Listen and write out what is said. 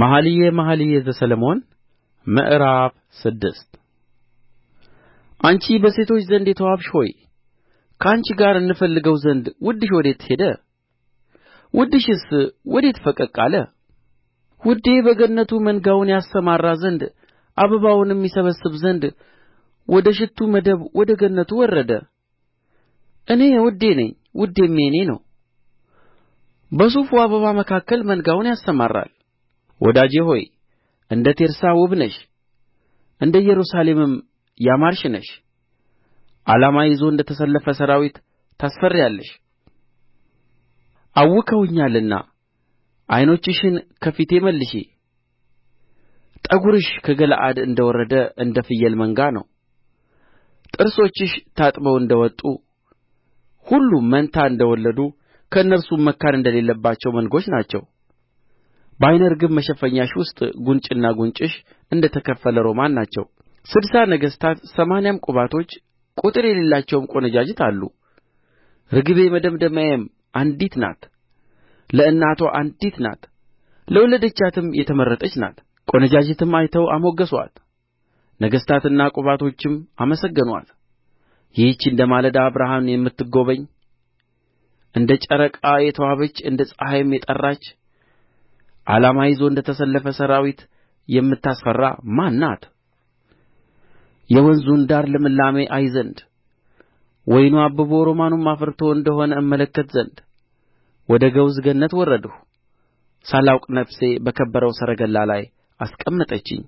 መኃልየ መኃልይ ዘሰሎሞን ምዕራፍ ስድስት አንቺ በሴቶች ዘንድ የተዋብሽ ሆይ ከአንቺ ጋር እንፈልገው ዘንድ ውድሽ ወዴት ሄደ ውድሽስ ወዴት ፈቀቅ አለ ውዴ በገነቱ መንጋውን ያሰማራ ዘንድ አበባውንም ይሰበስብ ዘንድ ወደ ሽቱ መደብ ወደ ገነቱ ወረደ እኔ ውዴ ነኝ ውዴም የእኔ ነው በሱፉ አበባ መካከል መንጋውን ያሰማራል ወዳጄ ሆይ እንደ ቴርሳ ውብ ነሽ እንደ ኢየሩሳሌምም ያማርሽ ነሽ ዓላማ ይዞ እንደ ተሰለፈ ሠራዊት ታስፈሪያለሽ አውከውኛልና ዓይኖችሽን ከፊቴ መልሺ ጠጕርሽ ከገለዓድ እንደ ወረደ እንደ ፍየል መንጋ ነው ጥርሶችሽ ታጥበው እንደ ወጡ ሁሉ መንታ እንደ ወለዱ ከእነርሱም መካን እንደሌለባቸው መንጎች ናቸው በዓይነ ርግብ መሸፈኛሽ ውስጥ ጕንጭና ጕንጭሽ እንደ ተከፈለ ሮማን ናቸው ስድሳ ነገሥታት ሰማንያም ቁባቶች ቍጥር የሌላቸውም ቈነጃጅት አሉ ርግቤ መደምደሚያዬም አንዲት ናት ለእናትዋ አንዲት ናት ለወለደቻትም የተመረጠች ናት ቈነጃጅትም አይተው አሞገሱአት ነገሥታትና ቁባቶችም አመሰገኑአት ይህች እንደ ማለዳ ብርሃን የምትጐበኝ እንደ ጨረቃ የተዋበች እንደ ፀሐይም የጠራች ዓላማ ይዞ እንደ ተሰለፈ ሠራዊት የምታስፈራ ማን ናት የወንዙን ዳር ልምላሜ አይ ዘንድ ወይኑ አብቦ ሮማኑም አፍርቶ እንደ ሆነ እመለከት ዘንድ ወደ ገውዝ ገነት ወረድሁ ሳላውቅ ነፍሴ በከበረው ሰረገላ ላይ አስቀመጠችኝ